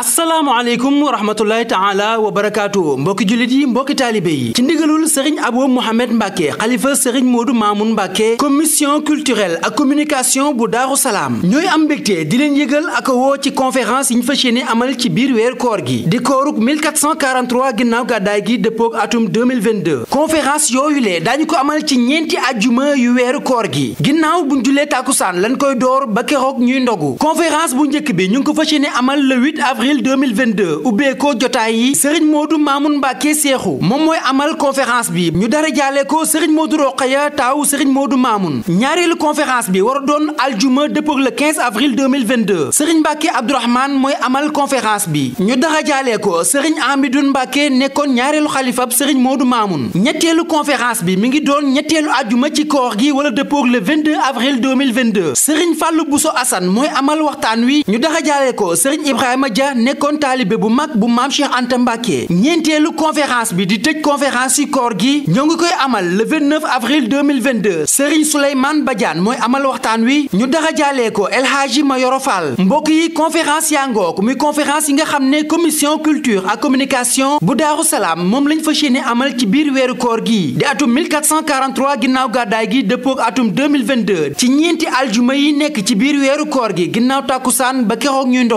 asalaamaaleykum wa rahmatullahi taala wa barakaatu mbokki jullit yi mbokki taalibe yi ci ndigalul sëriñ abo mohamed mbàkke xalifa sëriñ moodu maamun mbàkke commission culturelle a communication bu daaru salaam ñooy am mbégte di leen yëgal ak woo ci conférence yi ñu fas yéene amal ci biir weer koor gi di kooruk 1443 ginnaaw gàddaay gi dëppook atum 2022 conférence yooyu lee daañu ko amal ci ñeenti ajjuma yu weer koor gi ginnaaw buñ julee tàkkusaan lañ koy door ba keroog ñuy ndogu conférence bu njëkk bi ñu ngi ko fas yéene amal le 8 avril 2022 ubbeekoo jotaay yi sëriñ moodu maamun mbàkke seexu moom mooy amal conférence bi ñu dara jaale ko sëriñ moodu roqaya taaw sëriñ moodu maamun ñaareelu conférence bi war a doon aljuma dëppoo le 15 avril 2022 sëriñ mbàkke abdourahman mooy amal conférence bi ñu dara jaale ko sëriñ amidun mbàkke nekkoon ñaareelu xalifab sëriñ moodu maamun ñetteelu conférence bi mi ngi doon ñetteelu aljuma ci koor gi wala dëppoo le 22 avril 2022 sëriñ fàllu buso asan mooy amal waxtaan wi ñu dara ko sëriñ ibrahima dia nekkoon taalibe bu mag bu maam Cheikh Anta Mbacke ñeenteelu conférence bi di tëj conférence ci koor gi ñoo ngi koy amal le 29 avril 2022 Serigne Souleymane Badiane mooy amal waxtaan wi ñu dara jaalee ko El ma Mayoro Fall mbokk yi conférence yaa ngook muy conférence yi nga xam ne commission culture ak communication bu Daaru Salaam moom lañ fas yéene amal ci biir weeru koor gi di atum 1443 ginnaaw gàddaay gi dëppook atum 2022 ci ñeenti aljuma yi nekk ci biir weeru koor gi ginnaaw tàkkusaan ba keroog ñuy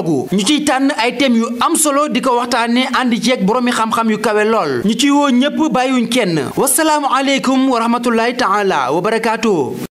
ay thèmes yu am solo di ko waxtaanee ànd jeeg boromi xam-xam yu kawe lool ñu ci woo ñëpp bàyyiwuñ kenn wasalaamu aleykum wa rahmatullahi taala wa barakaatu.